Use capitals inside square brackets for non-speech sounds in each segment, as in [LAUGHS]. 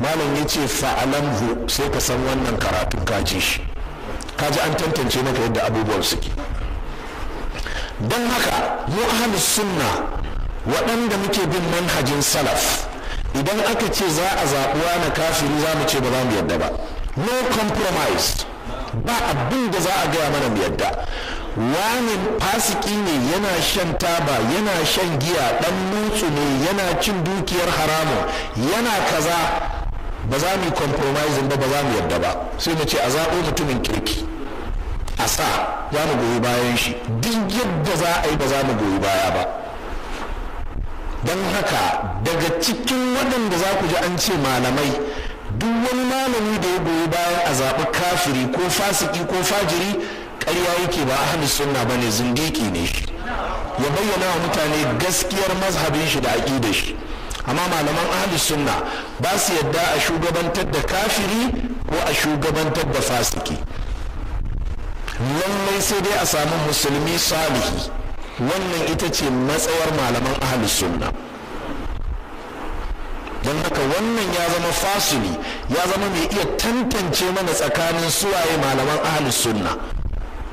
malam ya ce hu sai ka san wannan karatun kaji shi kaji an tantance maka yadda abubuwan suke don haka mu ahalus sunna waɗanda muke bin manhajin salaf idan aka ce za a zaɓuwa na kafiri za mu ce ba za mu yadda ba no compromise ba abin da za a gaya mana mu yadda wani fasiki ne yana shan taba yana shan giya ɗan mutsu ne yana cin dukiyar haramun yana kaza ba za mu yi compromising ba ba za mu yarda ba sai mu ce a zaɓo mutumin kirki a sa za mu goyi bayan shi duk yadda za a yi ba za mu goyi baya ba don haka daga cikin waɗanda za ku ji an ce malamai duk wani malami da ya goyi bayan a zaɓi kafiri ko fasiki ko fajiri ƙarya yake ba hannun sunna ba ne zindiki ne shi ya bayyana wa mutane gaskiyar mazhabin shi da aƙidar shi amma malaman ahlus sunna ba su yadda a shugabantar da kafiri ko a shugabantar da fasiki lallai sai dai a samu musulmi salihi wannan ita ce matsawar malaman ahlus sunna don haka wannan ya zama fasuli ya zama mai iya tantance mana tsakanin suwaye malaman ahlus sunna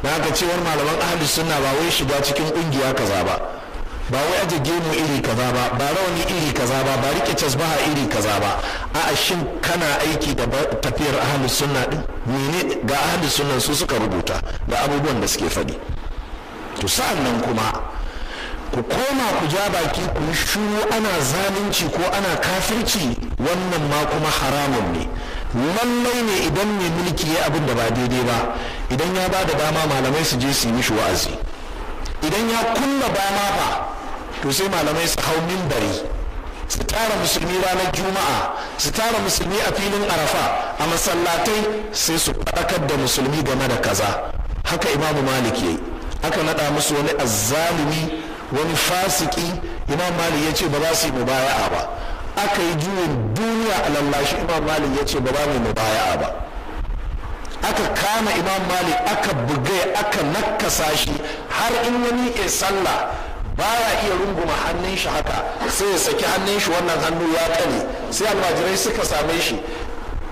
na haka cewar malaman ahlus sunna ba wai shiga cikin kungiya kaza ba ba wai aje gemu iri kaza ba ba rawani iri kaza ba ba rike casbaha iri kaza ba a'a shin kana aiki da tafiyar ahli sunna din mene ga ahli sunna su suka rubuta da abubuwan da suke faɗi to sa'an nan kuma ku koma ku ja baki ku yi ana zalunci ko ana kafirci wannan ma kuma haramun ne lallai ne idan mai mulki ya abin da ba daidai ba idan ya ba da dama malamai su je su yi mishi wa'azi idan ya kunna dama ba to sai malamai su hau mimbari su tara musulmi ranar juma'a su tara musulmi a filin arafa a masallatai sai su faɗakar da musulmi game da kaza haka imamu malik yayi aka naɗa musu wani azzalumi wani fasiki imam malik ya ce ba za su yi mubaya'a ba aka yi juyin duniya a lallashi imam malik ya ce ba za mu yi mubaya'a ba aka kama imam malik aka bugai aka nakasa shi har in wani ke sallah baya iya runguma hannun shi haka sai ya saki hannun shi wannan hannu ya kane sai almajirai suka same shi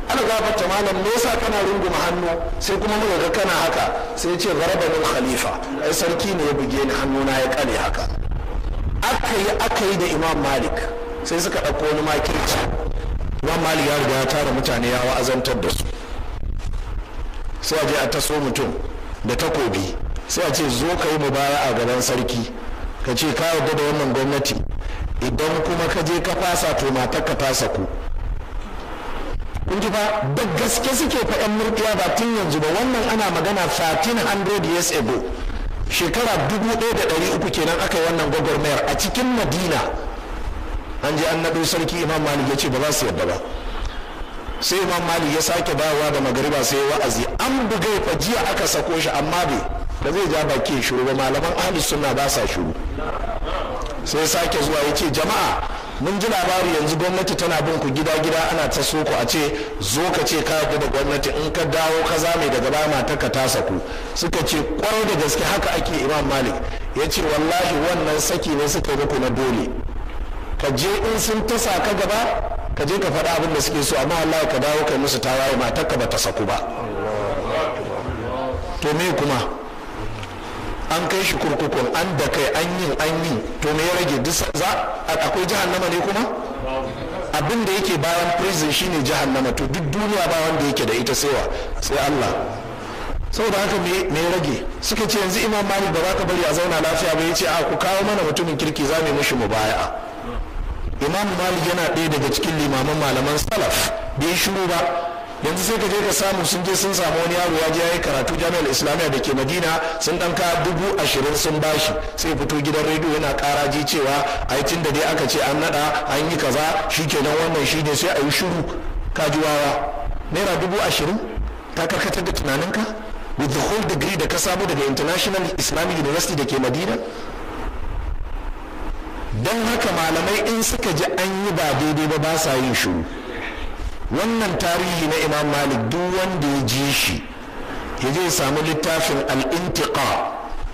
ana ta malam me yasa kana runguma hannu sai kuma muka ga kana haka sai ce garaba min khalifa ai sarki ne ya buge ni hannu na ya kane haka aka yi aka yi da imam malik sai suka ɗauko wani makirci imam malik ya riga ya tara mutane ya wa'azantar da su sai a je a taso mutum da takobi sai a ce zo ka yi baya a gaban sarki ka ce ka yarda da wannan gwamnati idan kuma ka je ka fasa to matar ka fasa ku kunji fa da gaske suke fa yan murkiya ba tun yanzu ba wannan ana magana 1300 years ago shekara 1300 kenan aka yi wannan gwagwarmayar a cikin madina an je an naɗo sarki imam malik ya ce ba za su yarda ba sai imam malik ya sake bawa da magariba sai wa'azi an bugai fa jiya aka sako shi amma bai ba zai ja baki shuru ba malaman ahli sunna ba sa shuru sai sake zuwa yace jama'a mun ji labari yanzu gwamnati tana bin ku gida gida ana ta ku a ce zo ka ce ka da gwamnati in ka dawo ka mai daga ba mata ka tasa ku suka ce kwarai da gaske haka ake imam malik ya ce wallahi wannan saki ne suka muku na dole ka je in sun tasa ka gaba ka je ka faɗa abin da suke so amma wallahi ka dawo kai musu tawaye matar ka ba ta saku ba to me kuma an kai shi kurkukun an da kai an yi an yi to me ya rage za akwai jahannama ne kuma abin da yake bayan prison shine jahannama to duk duniya ba wanda yake da ita sai sai Allah saboda haka me ya rage suka ce yanzu imam malik ba za ka bari a zauna lafiya ba ya ce a ku kawo mana mutumin kirki za mu mishi mubaya'a imam malik yana ɗaya daga cikin limaman malaman salaf bai shiru ba yanzu sai ka je ka samu sun je sun samu wani yaro ya je ya karatu jami'ar islamiyya da ke madina sun dan ka dubu ashirin sun bashi sai fito gidan rediyo yana ji cewa ai tun da dai aka ce an nada an yi kaza shi nan wannan shi ne sai a yi shiru ka ji wawa naira dubu ashirin ta karkatar da tunaninka with the whole degree da ka samu daga international islamic university da ke madina don haka malamai in suka ji an yi ba daidai ba ba sa yin shiru wannan tarihi na imam malik duk wanda ya ji shi ya je samu littafin al-intiqa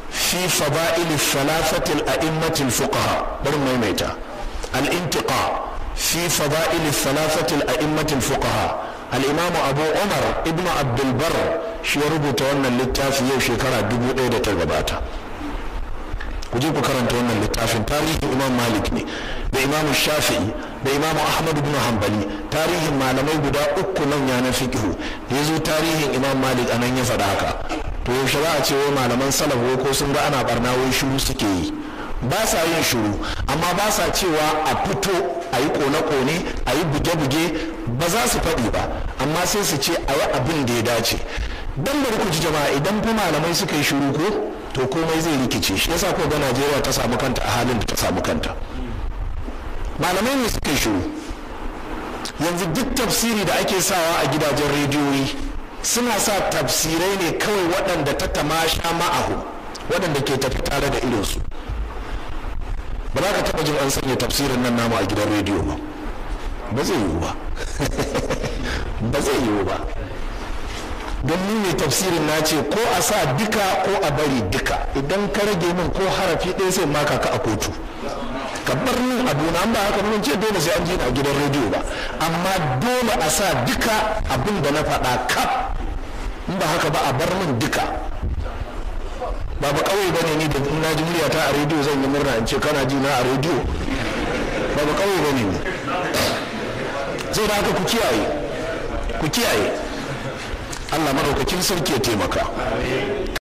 fi fada'il salafati al-a'immati al-fuqaha bari maimaita al-intiqa fi fada'il salafati al fuqaha al abu umar ibnu abdulbar shi ya rubuta wannan littafi yau shekara dubu ɗaya da ta gabata ku je ku karanta wannan littafin tarihin imam malik ne da imam shafi'i da imamu ahmad bin hanbali tarihin malamai guda uku nan na fikihu da yazo tarihin imam malik a nan ya faɗa haka to yaushe za a ce wai malaman salaf ko sun ga ana barna wai shiru suke yi ba sa yin shiru amma ba sa cewa a fito a yi kone-kone a yi buge-buge ba za su faɗi ba amma sai su ce a yi abin da ya dace dan bari ku ji jama'a idan fa malamai suka yi shiru ko to komai zai rikice shi yasa ko ga Najeriya ta samu kanta a halin da ta samu kanta malamai ne suka shiru yanzu duk tafsiri da ake sawa a gidajen rediyoyi suna sa tafsirai ne kawai waɗanda ta tamasha ma'ahu waɗanda ke tafi tare da irinsu ba za ka taɓa jin an sanya tafsirin nan namu a gidan rediyo ba ba zai yiwu ba [LAUGHS] ba zai yiwu ba don ni ne tafsirin na ce ko a sa duka ko a bari duka idan ka rage min ko harafi ɗaya sai maka ka a kotu kabbar a duna an ba haka mun ce dole sai an ji na gidan rediyo ba amma dole a sa duka abin da na faɗa kaf in ba haka ba a bar min duka ba ba kawai bane ni da na ji murya ta a rediyo zan yi murna in ce kana ji na a rediyo ba ba kawai bane ni zai da haka ku kiyaye ku kiyaye Allah madaukakin sarki ya taimaka